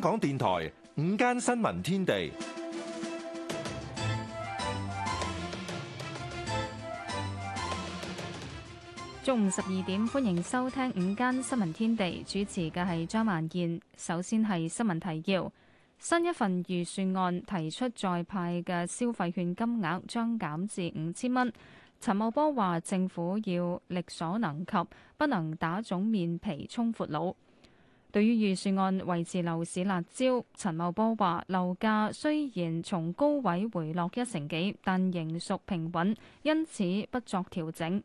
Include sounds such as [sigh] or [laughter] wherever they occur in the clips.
港電台午間新聞天地，中午十二點。歡迎收聽午間新聞天地，主持嘅係張曼健。首先係新聞提要，新一份預算案提出再派嘅消費券金額將減至五千蚊。陳茂波話，政府要力所能及，不能打腫面皮充闊佬。對於預算案維持樓市辣招，陳茂波話樓價雖然從高位回落一成幾，但仍屬平穩，因此不作調整。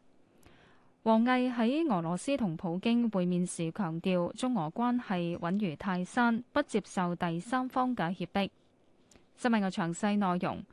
王毅喺俄羅斯同普京會面時強調，中俄關係穩如泰山，不接受第三方嘅脅迫。新聞嘅詳細內容，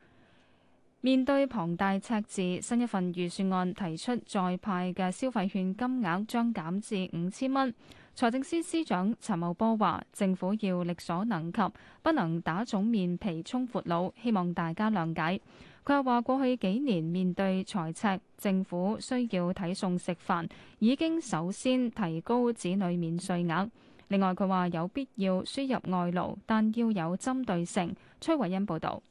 面對龐大赤字，新一份預算案提出再派嘅消費券金額將減至五千蚊。財政司司長陳茂波話：政府要力所能及，不能打腫面皮充闊佬，希望大家諒解。佢又話：過去幾年面對財赤，政府需要睇餸食飯，已經首先提高子女免稅額。另外，佢話有必要輸入外勞，但要有針對性。崔偉恩報導。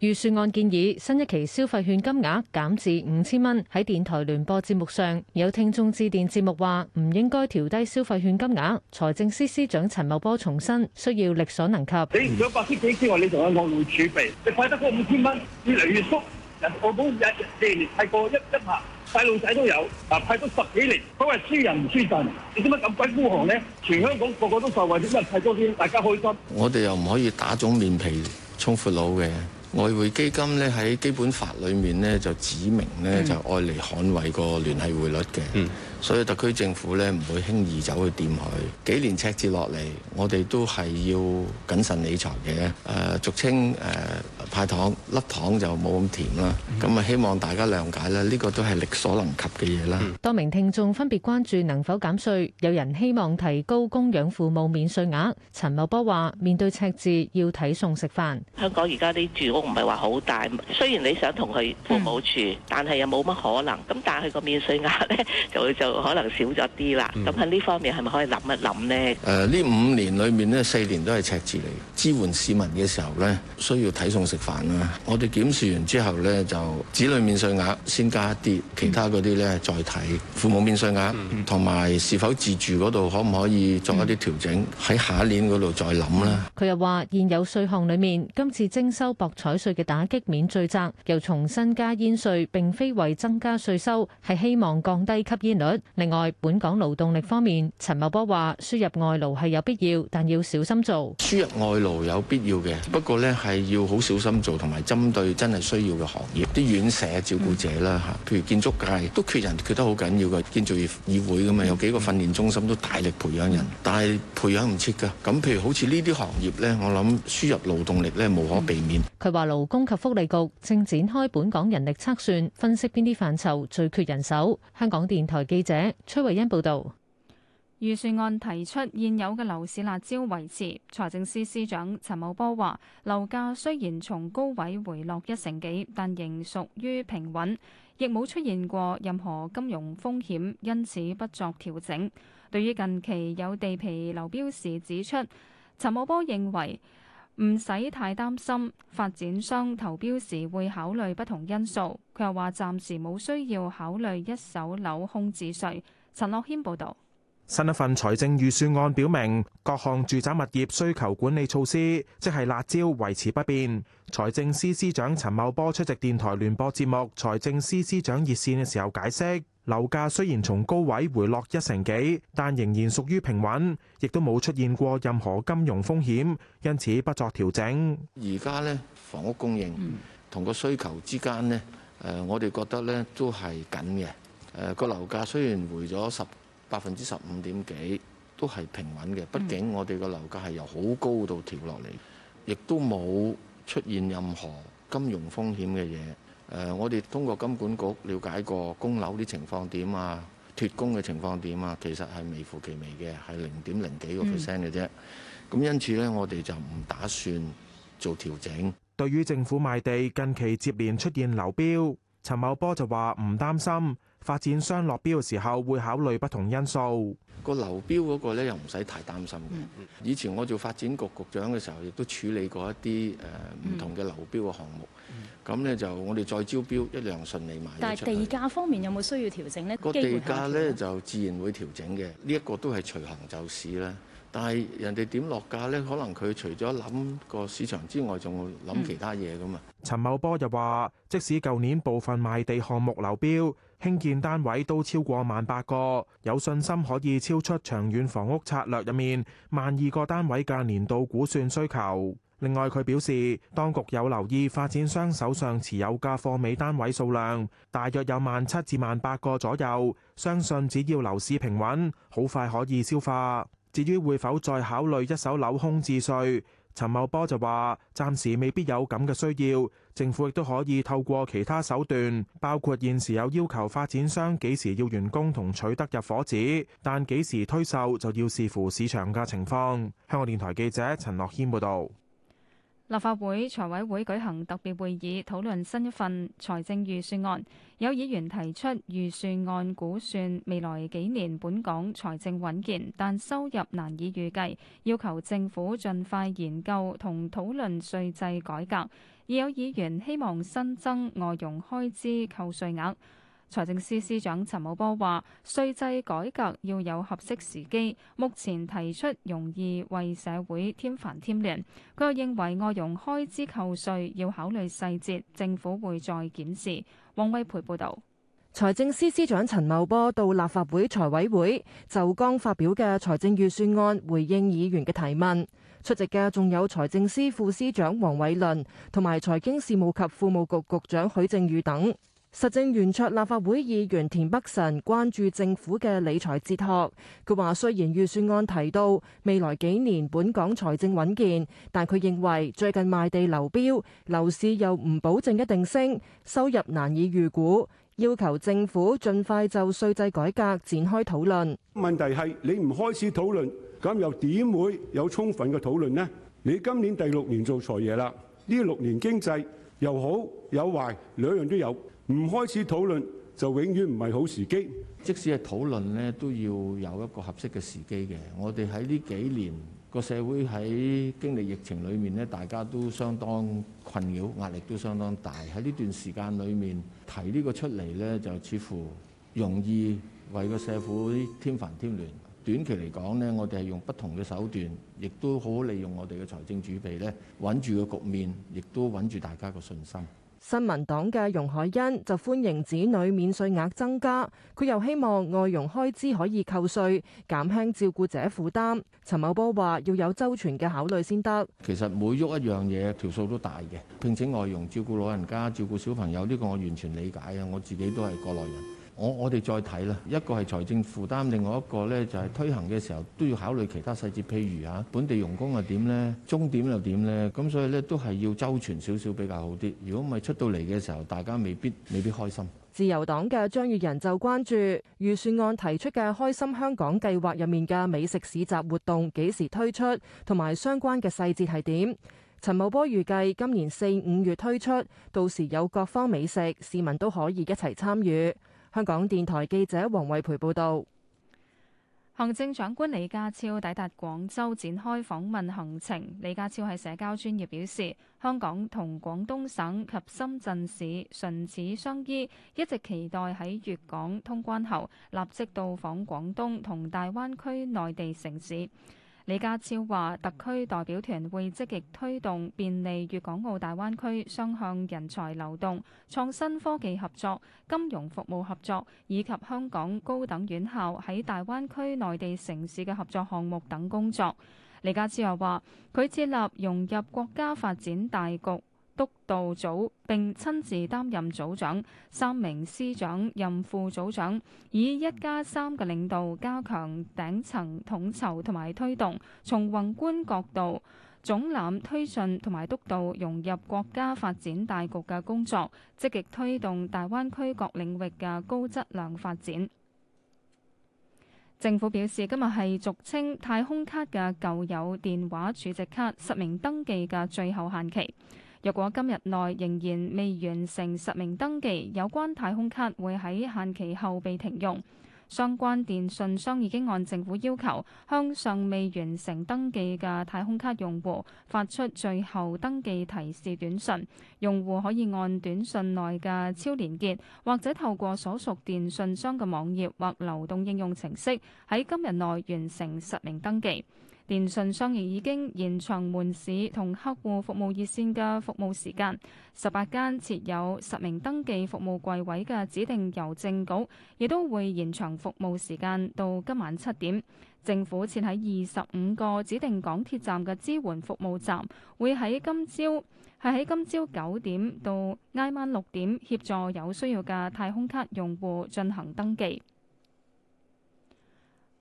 預算案建議新一期消費券金額減至五千蚊。喺電台聯播節目上有聽眾致電節目，話唔應該調低消費券金額。財政司司長陳茂波重申，需要力所能及。你有八千幾千，你仲有外匯儲備，你派得嗰五千蚊越嚟越縮。人，我講一年派過一一百細路仔都有，啊派到十幾年所謂輸人唔輸陣。你點解咁鬼孤寒呢？全香港個個都受惠，點解派多啲，大家開心？我哋又唔可以打腫面皮充闊佬嘅。外匯基金咧，喺基本法裏面咧，就指明咧，就愛嚟捍衞個聯繫匯率嘅。 [noise] 所以特區政府咧唔會輕易走去掂佢，幾年赤字落嚟，我哋都係要謹慎理財嘅。誒、呃、俗稱誒、呃、派糖，粒糖就冇咁甜啦。咁啊、mm，hmm. 希望大家諒解啦，呢、這個都係力所能及嘅嘢啦。嗯、多名聽眾分別關注能否減稅，有人希望提高供養父母免稅額。陳茂波話：面對赤字，要睇餸食飯。香港而家啲住屋唔係話好大，雖然你想同佢父母住，但係又冇乜可能。咁但係佢個免稅額咧，就會就。可能少咗啲啦，咁喺呢方面係咪可以諗一諗呢？誒，呢五年裏面呢，四年都係赤字嚟，支援市民嘅時候呢，需要睇餸食飯啦。我哋檢視完之後呢，就子女免稅額先加一啲，其他嗰啲呢，再睇。父母免稅額同埋是否自住嗰度，可唔可以作一啲調整？喺下一年嗰度再諗啦。佢又話現有稅項裏面，今次徵收博彩稅嘅打擊面最窄，又重新加煙稅，並非為增加稅收，係希望降低吸煙率。另外，本港勞動力方面，陳茂波話：輸入外勞係有必要，但要小心做。輸入外勞有必要嘅，不過呢，係要好小心做，同埋針對真係需要嘅行業，啲院舍照顧者啦嚇，譬如建築界都缺人，缺得好緊要嘅。建造業議會咁啊，有幾個訓練中心都大力培養人，但係培養唔切㗎。咁譬如好似呢啲行業呢，我諗輸入勞動力呢無可避免。佢話勞工及福利局正展開本港人力測算，分析邊啲範疇最缺人手。香港電台記者。者崔慧欣報道，預算案提出現有嘅樓市辣招維持。財政司司長陳茂波話，樓價雖然從高位回落一成幾，但仍屬於平穩，亦冇出現過任何金融風險，因此不作調整。對於近期有地皮流標時指出，陳茂波認為。唔使太擔心，發展商投標時會考慮不同因素。佢又話暫時冇需要考慮一手樓空置稅。陳樂軒報導。新一份財政預算案表明，各項住宅物業需求管理措施即係辣招維持不變。財政司司長陳茂波出席電台聯播節目《財政司司長熱線》嘅時候解釋。樓價雖然從高位回落一成幾，但仍然屬於平穩，亦都冇出現過任何金融風險，因此不作調整。而家呢，房屋供應同個需求之間呢，誒，我哋覺得呢都係緊嘅。誒、呃，個樓價雖然回咗十百分之十五點幾，都係平穩嘅。畢竟我哋個樓價係由好高度調落嚟，亦都冇出現任何金融風險嘅嘢。誒，我哋通過金管局瞭解過供樓啲情況點啊，脫供嘅情況點啊，其實係微乎其微嘅，係零點零幾個 percent 嘅啫。咁因此咧，我哋就唔打算做調整。對於政府賣地近期接連出現流標，陳茂波就話唔擔心。發展商落標嘅時候會考慮不同因素，個流標嗰個咧又唔使太擔心嘅。以前我做發展局局長嘅時候，亦都處理過一啲誒唔同嘅流標嘅項目。咁咧、嗯、就我哋再招標，一樣順利賣。但係地價方面有冇需要調整呢？個地價咧就自然會調整嘅。呢、這、一個都係隨行就市啦。但係人哋點落價呢？可能佢除咗諗個市場之外，仲會諗其他嘢咁啊。嗯、陳茂波又話：即使舊年部分賣地項目流標，興建單位都超過萬八個，有信心可以超出長遠房屋策略入面萬二個單位嘅年度估算需求。另外，佢表示當局有留意發展商手上持有嘅貨尾單位數量，大約有萬七至萬八個左右，相信只要樓市平穩，好快可以消化。至於會否再考慮一手樓空置稅，陳茂波就話：暫時未必有咁嘅需要，政府亦都可以透過其他手段，包括現時有要求發展商幾時要完工同取得入伙紙，但幾時推售就要視乎市場嘅情況。香港電台記者陳樂軒報導。立法會財委會舉行特別會議，討論新一份財政預算案。有議員提出預算案估算未來幾年本港財政穩健，但收入難以預計，要求政府盡快研究同討論稅制改革。已有議員希望新增外傭開支扣稅額。財政司司長陳茂波話，稅制改革要有合適時機，目前提出容易為社會添煩添亂。佢又認為外傭開支扣稅要考慮細節，政府會再檢視。王威培報道。財政司司長陳茂波到立法會財委會就剛發表嘅財政預算案回應議員嘅提問，出席嘅仲有財政司副司長黃偉倫同埋財經事務及庫務局局，局長許正宇等。實政圓桌立法會議員田北辰關注政府嘅理財哲學。佢話雖然預算案提到未來幾年本港財政穩健，但佢認為最近賣地流標，樓市又唔保證一定升，收入難以預估，要求政府盡快就稅制改革展開討論。問題係你唔開始討論，咁又點會有充分嘅討論呢？你今年第六年做財爺啦，呢六年經濟又好有壞，兩樣都有。唔開始討論就永遠唔係好時機，即使係討論咧，都要有一個合適嘅時機嘅。我哋喺呢幾年個社會喺經歷疫情裏面咧，大家都相當困擾，壓力都相當大。喺呢段時間裏面提呢個出嚟咧，就似乎容易為個社會添煩添亂。短期嚟講咧，我哋係用不同嘅手段，亦都好好利用我哋嘅財政儲備咧，穩住個局面，亦都穩住大家個信心。新民黨嘅容海恩就歡迎子女免稅額增加，佢又希望外傭開支可以扣稅，減輕照顧者負擔。陳茂波話要有周全嘅考慮先得。其實每喐一樣嘢條數都大嘅，聘請外傭照顧老人家、照顧小朋友呢、這個我完全理解啊，我自己都係過來人。我我哋再睇啦，一個係財政負擔，另外一個呢就係推行嘅時候都要考慮其他細節，譬如啊，本地用工又點呢，終點又點呢？咁所以呢都係要周全少少比較好啲。如果唔係出到嚟嘅時候，大家未必未必開心。自由黨嘅張宇人就關注預算案提出嘅《開心香港計劃》入面嘅美食市集活動幾時推出，同埋相關嘅細節係點？陳茂波預計今年四五月推出，到時有各方美食，市民都可以一齊參與。香港電台記者黃慧培報道，行政長官李家超抵達廣州展開訪問行程。李家超喺社交專頁表示，香港同廣東省及深圳市唇齒相依，一直期待喺粵港通關後立即到訪廣東同大灣區內地城市。李家超話，特區代表團會積極推動便利粵港澳大灣區雙向人才流動、創新科技合作、金融服務合作，以及香港高等院校喺大灣區內地城市嘅合作項目等工作。李家超又話，佢設立融入國家發展大局督導組並親自擔任組長，三名司長任副組長，以一加三嘅領導加強頂層統籌同埋推動，從宏觀角度總攬推進同埋督導融入國家發展大局嘅工作，積極推動大灣區各領域嘅高質量發展。政府表示，今日係俗稱太空卡嘅舊有電話儲值卡實名登記嘅最後限期。若果今日內仍然未完成實名登記，有關太空卡會喺限期後被停用。相關電訊商已經按政府要求，向尚未完成登記嘅太空卡用戶發出最後登記提示短訊。用戶可以按短訊內嘅超連結，或者透過所屬電訊商嘅網頁或流動應用程式，喺今日內完成實名登記。電信商亦已經延長門市同客戶服務熱線嘅服務時間，十八間設有實名登記服務櫃位嘅指定郵政局，亦都會延長服務時間到今晚七點。政府設喺二十五個指定港鐵站嘅支援服務站，會喺今朝係喺今朝九點到挨晚六點協助有需要嘅太空卡用戶進行登記。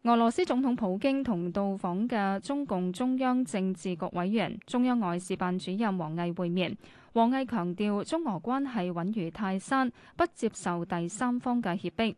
俄羅斯總統普京同到訪嘅中共中央政治局委員、中央外事辦主任王毅會面。王毅強調中俄關係穩如泰山，不接受第三方嘅脅迫。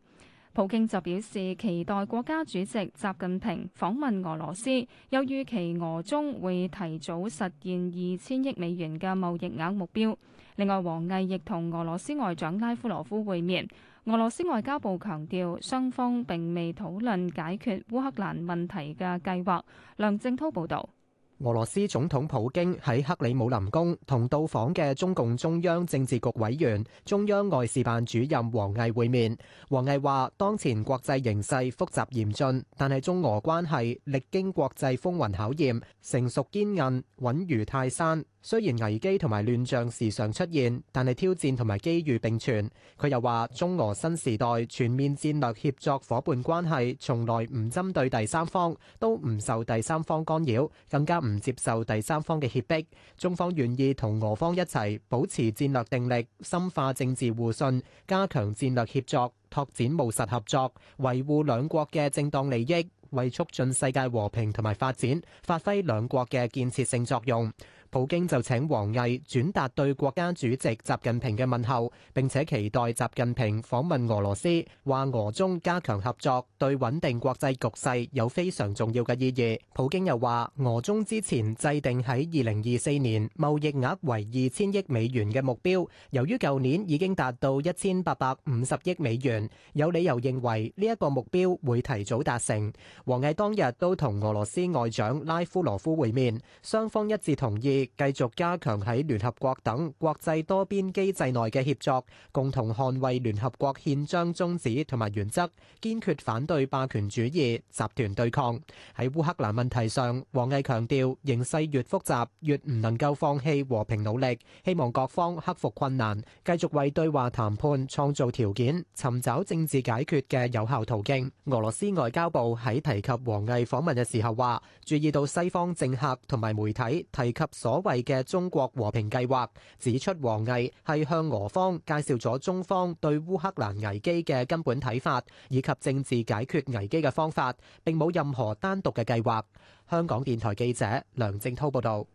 普京就表示期待國家主席習近平訪問俄羅斯，又預期俄中會提早實現二千億美元嘅貿易額目標。另外，王毅亦同俄羅斯外長拉夫羅夫會面。俄羅斯外交部強調，雙方並未討論解決烏克蘭問題嘅計劃。梁正滔報導，俄羅斯總統普京喺克里姆林宮同到訪嘅中共中央政治局委員、中央外事辦主任王毅會面。王毅話，當前國際形勢複雜嚴峻，但係中俄關係歷經國際風雲考驗，成熟堅韌，穩如泰山。雖然危機同埋亂象時常出現，但係挑戰同埋機遇並存。佢又話：中俄新時代全面戰略協作夥伴關係從來唔針對第三方，都唔受第三方干擾，更加唔接受第三方嘅脅迫。中方願意同俄方一齊保持戰略定力，深化政治互信，加強戰略協作，拓展務實合作，維護兩國嘅正當利益，為促進世界和平同埋發展，發揮兩國嘅建設性作用。普京就請王毅轉達對國家主席習近平嘅問候，並且期待習近平訪問俄羅斯，話俄中加強合作對穩定國際局勢有非常重要嘅意義。普京又話，俄中之前制定喺二零二四年貿易額為二千億美元嘅目標，由於舊年已經達到一千八百五十億美元，有理由認為呢一個目標會提早達成。王毅當日都同俄羅斯外長拉夫羅夫會面，雙方一致同意。繼續加強喺聯合國等國際多邊機制內嘅協作，共同捍衛聯合國憲章宗旨同埋原則，堅決反對霸權主義、集團對抗。喺烏克蘭問題上，王毅強調，形勢越複雜，越唔能夠放棄和平努力，希望各方克服困難，繼續為對話談判創造條件，尋找政治解決嘅有效途徑。俄羅斯外交部喺提及王毅訪問嘅時候話，注意到西方政客同埋媒體提及所。所謂嘅中國和平計劃指出，王毅係向俄方介紹咗中方對烏克蘭危機嘅根本睇法，以及政治解決危機嘅方法，並冇任何單獨嘅計劃。香港電台記者梁正滔報道。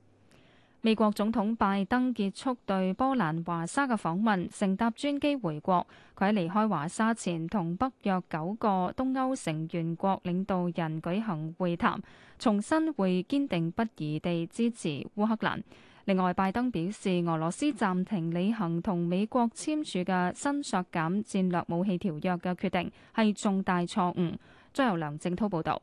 美國總統拜登結束對波蘭華沙嘅訪問，乘搭專機回國。佢喺離開華沙前，同北約九個東歐成員國領導人舉行會談，重申會堅定不移地支持烏克蘭。另外，拜登表示，俄羅斯暫停履行同美國簽署嘅新削減戰略武器條約嘅決定係重大錯誤。將由梁正濤報道。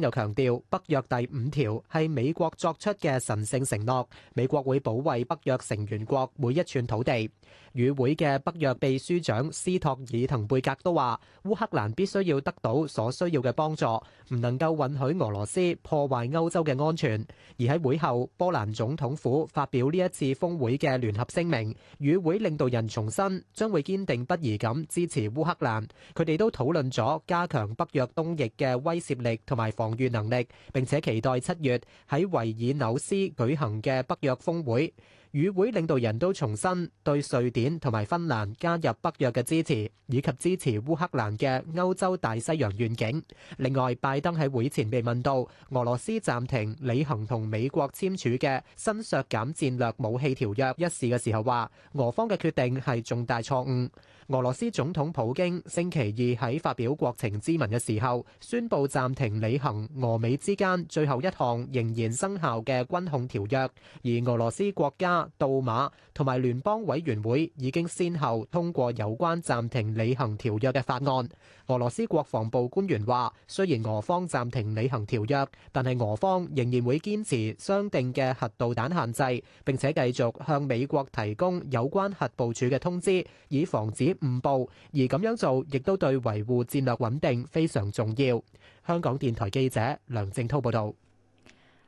又強調，北約第五條係美國作出嘅神聖承諾，美國會保衛北約成員國每一寸土地。與會嘅北約秘書長斯托爾滕貝格都話：烏克蘭必須要得到所需要嘅幫助，唔能夠允許俄羅斯破壞歐洲嘅安全。而喺會後，波蘭總統府發表呢一次峯會嘅聯合聲明，與會領導人重申將會堅定不移咁支持烏克蘭。佢哋都討論咗加強北約東翼嘅威懾力同埋防禦能力，並且期待七月喺維爾紐斯舉行嘅北約峯會。與會領導人都重申對瑞典同埋芬蘭加入北約嘅支持，以及支持烏克蘭嘅歐洲大西洋願景。另外，拜登喺會前被問到俄羅斯暫停履行同美國簽署嘅新削減戰略武器條約一事嘅時候，話俄方嘅決定係重大錯誤。俄羅斯總統普京星期二喺發表國情咨文嘅時候，宣布暫停履行俄美之間最後一項仍然生效嘅軍控條約，而俄羅斯國家杜馬同埋聯邦委員會已經先後通過有關暫停履行條約嘅法案。俄羅斯國防部官員話：雖然俄方暫停履行條約，但係俄方仍然會堅持商定嘅核導彈限制，並且繼續向美國提供有關核部署嘅通知，以防止誤報。而咁樣做亦都對維護戰略穩定非常重要。香港電台記者梁正滔報道。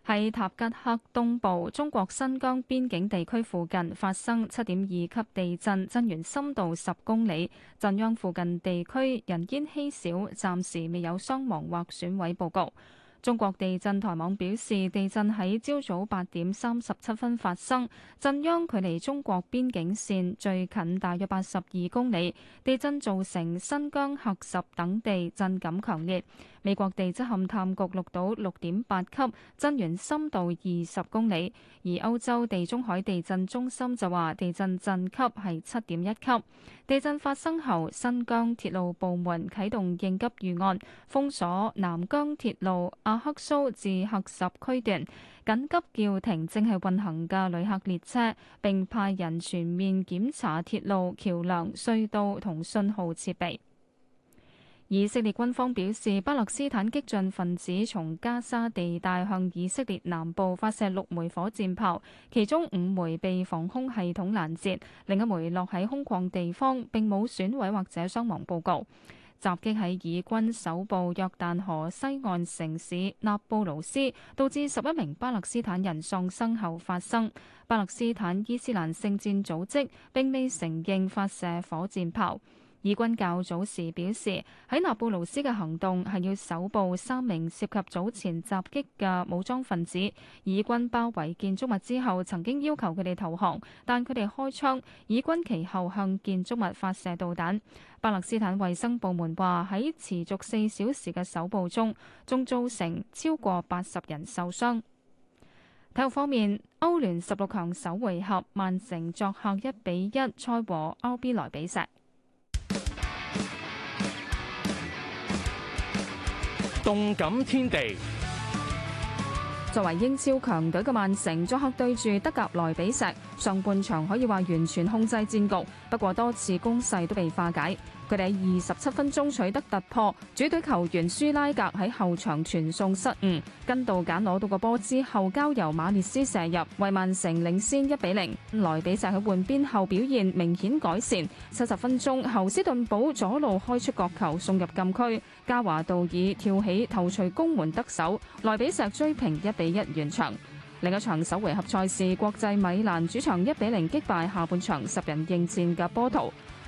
喺塔吉克東部、中國新疆邊境地區附近發生七點二級地震，震源深度十公里，震央附近地區人煙稀少，暫時未有傷亡或損毀報告。中國地震台網表示，地震喺朝早八點三十七分發生，震央距離中國邊境線最近大約八十二公里，地震造成新疆喀什等地震感強烈。美國地質勘探局錄到六點八級，震源深度二十公里。而歐洲地中海地震中心就話地震震級係七點一級。地震發生後，新疆鐵路部門啟動應急預案，封鎖南疆鐵路阿克蘇至喀什區段，緊急叫停正係運行嘅旅客列車，並派人全面檢查鐵路、橋梁、隧道同信號設備。以色列軍方表示，巴勒斯坦激進分子從加沙地帶向以色列南部發射六枚火箭炮，其中五枚被防空系統攔截，另一枚落喺空曠地方，並冇損毀或者傷亡報告。襲擊喺以軍首部約旦河西岸城市納布魯斯，導致十一名巴勒斯坦人喪生後發生。巴勒斯坦伊斯蘭聖戰組織並未承認發射火箭炮。以軍較早時表示，喺納布魯斯嘅行動係要搜捕三名涉及早前襲擊嘅武裝分子。以軍包圍建築物之後，曾經要求佢哋投降，但佢哋開槍。以軍其後向建築物發射導彈。巴勒斯坦衛生部門話，喺持續四小時嘅搜捕中，仲造成超過八十人受傷。體育方面，歐聯十六強首回合，曼城作客一比一，賽和歐比萊比錫。動感天地。作為英超強隊嘅曼城，作客對住德甲萊比錫，上半場可以話完全控制戰局，不過多次攻勢都被化解。佢哋喺二十七分鐘取得突破，主隊球員舒拉格喺後場傳送失誤，跟道簡攞到個波之後交由馬列斯射入，為曼城領先一比零。萊比錫喺換邊後表現明顯改善，七十分鐘侯斯頓堡左路開出角球送入禁區，加華道爾跳起頭槌攻門得手，萊比錫追平一比一完場。另一場首回合賽事，國際米蘭主場一比零擊敗下半場十人應戰嘅波圖。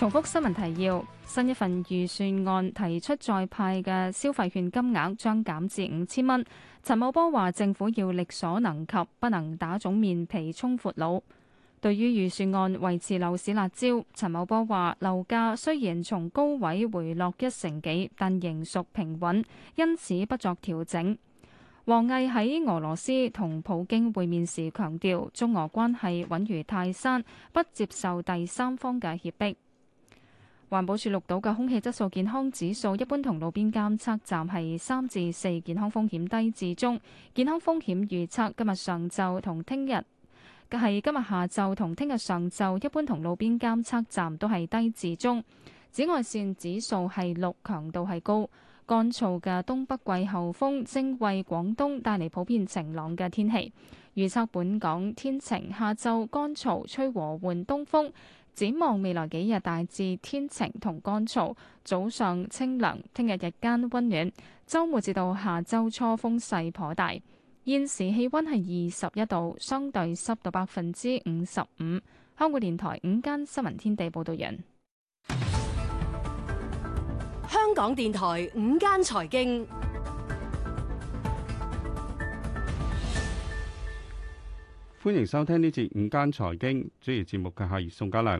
重複新聞提要：新一份預算案提出再派嘅消費券金額將減至五千蚊。陳茂波話：政府要力所能及，不能打腫面皮充闊佬。對於預算案維持樓市辣招，陳茂波話樓價雖然從高位回落一成幾，但仍屬平穩，因此不作調整。王毅喺俄羅斯同普京會面時強調，中俄關係穩如泰山，不接受第三方嘅脅迫。環保署錄到嘅空氣質素健康指數，一般同路邊監測站係三至四，健康風險低至中。健康風險預測今日上晝同聽日，即係今日下晝同聽日上晝，一般同路邊監測站都係低至中。紫外線指數係六，強度係高。乾燥嘅東北季候風正為廣東帶嚟普遍晴朗嘅天氣。預測本港天晴，下晝乾燥，吹和緩東風。展望未來幾日，大致天晴同乾燥，早上清涼，聽日日間温暖，周末至到下周初風勢頗大。現時氣温係二十一度，相對濕度百分之五十五。香港電台午間新聞天地報道人，香港電台午間財經。歡迎收聽呢節午間財經，主持節目嘅係宋家良。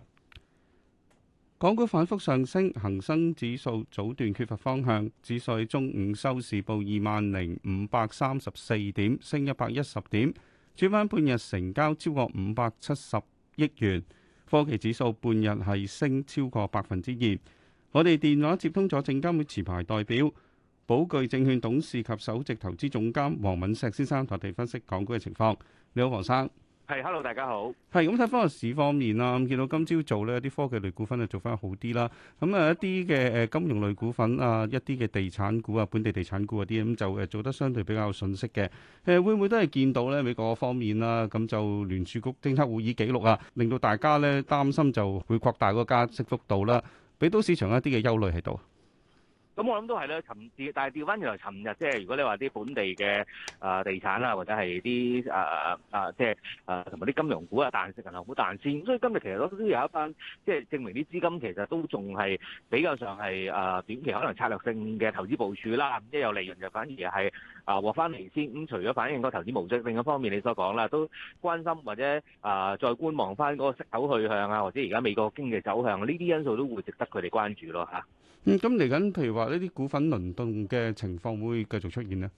港股反覆上升，恒生指數早段缺乏方向，指數喺中午收市報二萬零五百三十四點，升一百一十點。轉翻半日成交超過五百七十億元，科技指數半日係升超過百分之二。我哋電話接通咗證監會持牌代表，寶钜證券董事及首席投資總監黃敏碩先生同我哋分析港股嘅情況。你好，黃生。係，hello，大家好。係咁，睇翻個市方面啦，見到今朝做咧，一啲科技類股份咧做翻好啲啦。咁啊，一啲嘅誒金融類股份啊，一啲嘅地產股啊，本地地產股啊啲咁就誒做得相對比較遜色嘅。誒，會唔會都係見到咧美國方面啦，咁就聯儲局政策會議記錄啊，令到大家咧擔心就會擴大嗰個加息幅度啦，俾到市場一啲嘅憂慮喺度。咁、嗯、我諗都係啦，尋日但係調翻原來，尋日即係如果你話啲本地嘅啊、呃、地產啦，或者係啲啊啊即係啊同埋啲金融股啊，大市銀行股彈先，所以今日其實都有一班即係證明啲資金其實都仲係比較上係啊短期可能策略性嘅投資部署啦，即係有利潤就反而係啊獲翻嚟先。咁除咗反映個投資模式，另一方面你所講啦，都關心或者啊、呃、再觀望翻嗰個息口去向啊，或者而家美國經濟走向，呢啲因素都會值得佢哋關注咯嚇。咁咁嚟緊，譬如話呢啲股份輪動嘅情況會繼續出現咧？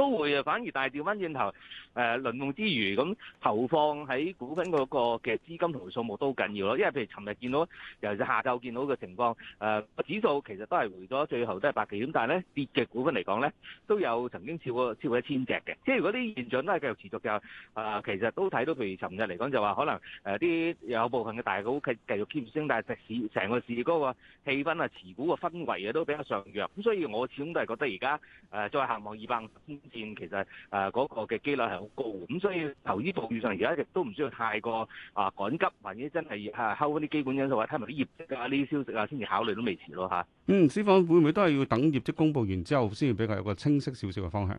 都會啊，反而大係調翻轉頭，誒輪動之餘，咁投放喺股份嗰個嘅資金同數目都好緊要咯。因為譬如尋日見到，尤其是下晝見到嘅情況，誒個指數其實都係回咗，最後都係百幾點。但係咧，跌嘅股份嚟講咧，都有曾經超過超過一千隻嘅。即係如果啲現象都係繼續持續，就啊，其實都睇到，譬如尋日嚟講就話，可能誒啲有部分嘅大股繼續 keep 升，但係市成個市嗰個氣氛啊、持股嘅氛圍啊，都比較上揚。咁所以我始終都係覺得而家誒再行望二百五十。其實誒嗰個嘅機率係好高，咁所以投資佈局上而家亦都唔需要太過啊趕急，或者真係啊睺啲基本因素啊，睇埋啲業績啊呢啲消息啊，先至考慮都未遲咯吓，嗯，師傅會唔會都係要等業績公布完之後，先至比較有個清晰少少嘅方向？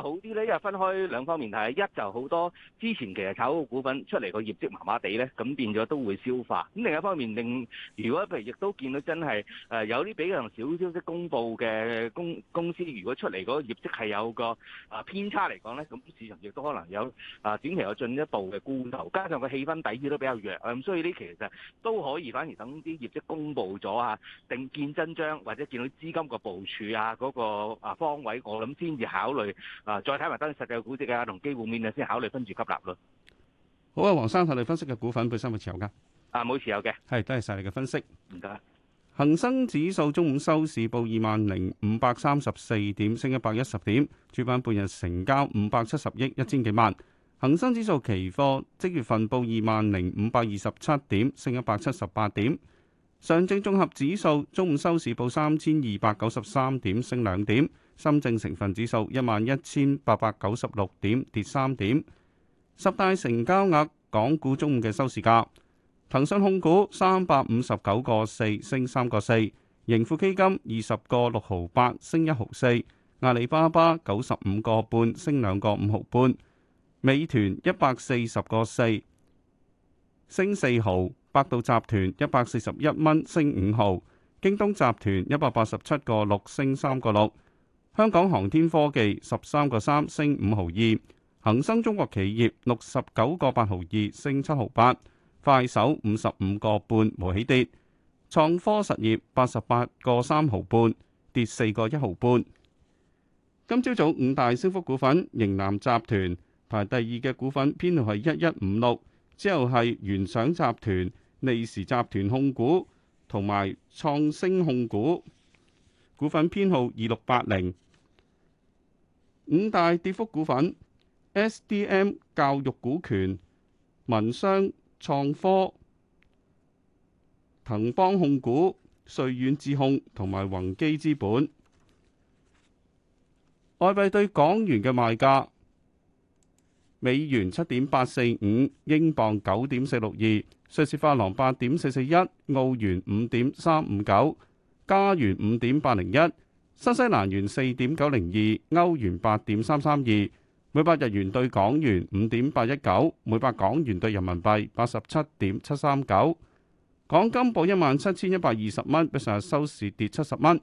好啲咧，因為分開兩方面睇，一就好多之前其實炒個股份出嚟個業績麻麻地咧，咁變咗都會消化。咁另一方面，另如果譬如亦都見到真係誒有啲比較少消息公佈嘅公公司，如果出嚟嗰個業績係有個啊偏差嚟講咧，咁市場亦都可能有啊短期有進一步嘅沽頭，加上個氣氛底子都比較弱，咁所以呢其實都可以反而等啲業績公佈咗啊，定見真章或者見到資金個部署啊嗰、嗰個啊方位，我諗先至考慮。啊！再睇埋啲實際嘅估值啊，同機會面啊，先考慮分住吸納咯。好啊，黃生，睇你分析嘅股份，本身有冇持有噶？啊，冇持有嘅。係，多謝晒你嘅分析。唔該。恒生指數中午收市報二萬零五百三十四點，升一百一十點。主板半日成交五百七十億一千幾萬。恒生指數期貨即月份報二萬零五百二十七點，升一百七十八點。上證綜合指數中午收市報三千二百九十三點，升兩點。深證成分指數一萬一千八百九十六點跌三點，十大成交額港股中午嘅收市價，騰訊控股三百五十九個四升三個四，盈富基金二十個六毫八升一毫四，阿里巴巴九十五個半升兩個五毫半，美團一百四十個四升四毫，百度集團一百四十一蚊升五毫，京東集團一百八十七個六升三個六。香港航天科技十三個三升五毫二，恆生中國企業六十九個八毫二升七毫八，快手五十五個半冇起跌，創科實業八十八個三毫半跌四個一毫半。今朝早五大升幅股份，盈南集團排第二嘅股份編號係一一五六，之後係元想集團、利時集團控股同埋創升控股。股份編號二六八零，五大跌幅股份：SDM 教育股權、民商創科、騰邦控股、瑞遠智控同埋宏基資本。外幣對港元嘅賣價：美元七點八四五，英鎊九點四六二，瑞士法郎八點四四一，澳元五點三五九。加元五點八零一，1, 新西蘭元四點九零二，歐元八點三三二，每百日元對港元五點八一九，每百港元對人民幣八十七點七三九。港金報一萬七千一百二十蚊，比上日收市跌七十蚊。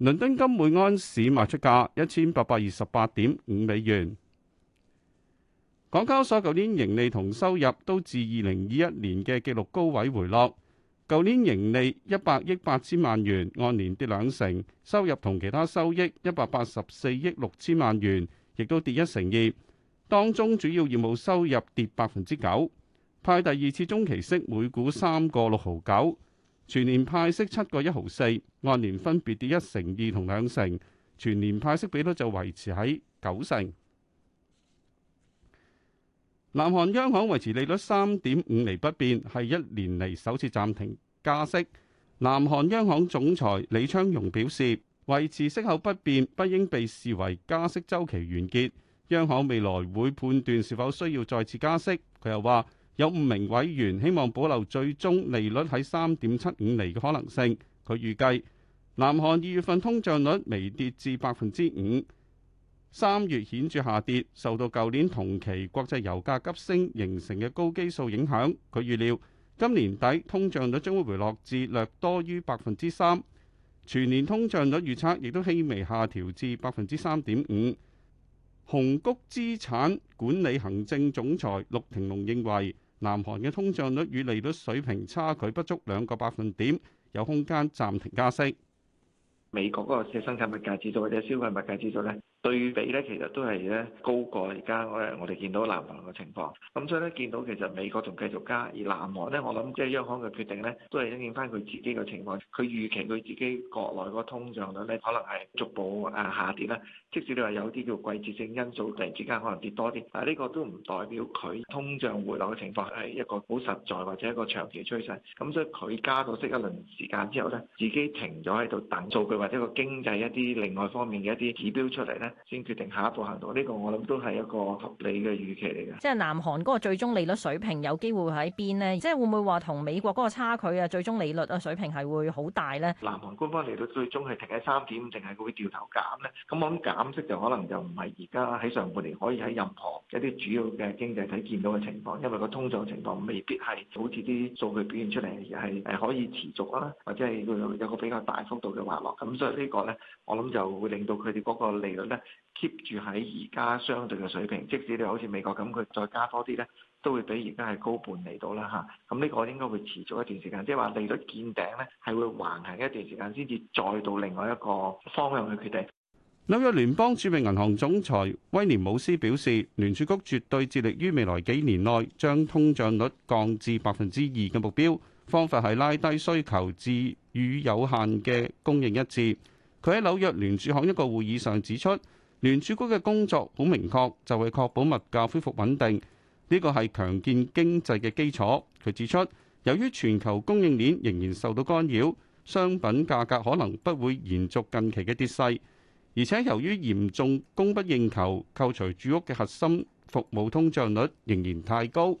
倫敦金每安士賣出價一千八百二十八點五美元。港交所舊年盈利同收入都自二零二一年嘅紀錄高位回落。舊年盈利一百億八千萬元，按年跌兩成；收入同其他收益一百八十四億六千萬元，亦都跌一成二。當中主要業務收入跌百分之九，派第二次中期息每股三個六毫九，全年派息七個一毫四，按年分別跌一成二同兩成，全年派息比率就維持喺九成。南韓央行維持利率三點五厘不變，係一年嚟首次暫停加息。南韓央行總裁李昌鏞表示，維持息口不變，不應被視為加息周期完結。央行未來會判斷是否需要再次加息。佢又話，有五名委員希望保留最終利率喺三點七五厘嘅可能性。佢預計，南韓二月份通脹率微跌至百分之五。三月顯著下跌，受到舊年同期國際油價急升形成嘅高基數影響。佢預料今年底通脹率將會回落至略多於百分之三，全年通脹率預測亦都輕微下調至百分之三點五。紅谷資產管理行政總裁陸廷龍認為，南韓嘅通脹率與利率水平差距不足兩個百分點，有空間暫停加息。美國嗰個生產物價指數或者消費物價指數呢？對比咧，其實都係咧高過而家我哋見到南韓嘅情況。咁所以咧，見到其實美國仲繼續加，而南韓咧，我諗即係央行嘅決定咧，都係因應翻佢自己嘅情況。佢預期佢自己國內個通脹率咧，可能係逐步誒下跌啦。即使你話有啲叫季節性因素，突然之間可能跌多啲，但係呢個都唔代表佢通脹回落嘅情況係一個好實在或者一個長期趨勢。咁所以佢加咗息一輪時間之後咧，自己停咗喺度等數據或者個經濟一啲另外方面嘅一啲指標出嚟咧，先決定下一步行動，呢個我諗都係一個合理嘅預期嚟嘅。即係南韓嗰個最終利率水平有機會喺邊呢？即係會唔會話同美國嗰個差距啊？最終利率啊水平係會好大呢？南韓官方嚟到最終係停喺三點，定係會掉頭減呢？咁我諗減息就可能就唔係而家喺上半年可以喺任何一啲主要嘅經濟體見到嘅情況，因為個通脹情況未必係好似啲數據表現出嚟而係可以持續啦，或者係有個比較大幅度嘅滑落。咁所以呢個呢，我諗就會令到佢哋嗰個利率呢。keep 住喺而家相對嘅水平，即使你好似美國咁，佢再加多啲呢，都會比而家係高半釐到啦吓，咁呢個應該會持續一段時間，即係話利率見頂呢，係會橫行一段時間先至再到另外一個方向去決定。紐約聯邦儲備銀行總裁威廉姆斯表示，聯儲局絕對致力於未來幾年內將通脹率降至百分之二嘅目標，方法係拉低需求至與有限嘅供應一致。佢喺紐約聯儲行一個會議上指出。聯儲局嘅工作好明確，就係確保物價恢復穩定，呢個係強健經濟嘅基礎。佢指出，由於全球供應鏈仍然受到干擾，商品價格可能不會延續近期嘅跌勢，而且由於嚴重供不應求，扣除住屋嘅核心服務通脹率仍然太高。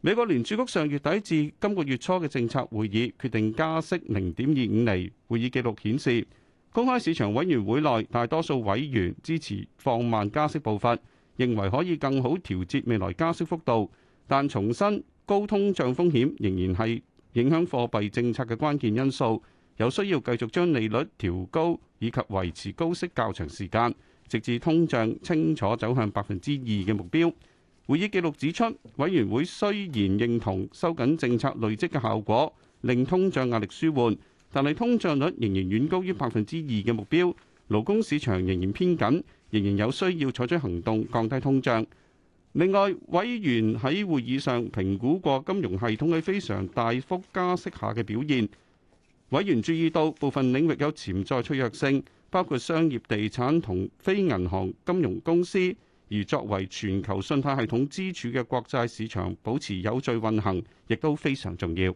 美國聯儲局上月底至今個月初嘅政策會議決定加息0.25厘，會議記錄顯示。公開市場委員會內，大多數委員支持放慢加息步伐，認為可以更好調節未來加息幅度。但重申，高通脹風險仍然係影響貨幣政策嘅關鍵因素，有需要繼續將利率調高以及維持高息較長時間，直至通脹清楚走向百分之二嘅目標。會議記錄指出，委員會雖然認同收緊政策累積嘅效果，令通脹壓力舒緩。但係通脹率仍然遠高於百分之二嘅目標，勞工市場仍然偏緊，仍然有需要採取行動降低通脹。另外，委員喺會議上評估過金融系統喺非常大幅加息下嘅表現。委員注意到部分領域有潛在脆弱性，包括商業地產同非銀行金融公司。而作為全球信貸系統支柱嘅國債市場保持有序運行，亦都非常重要。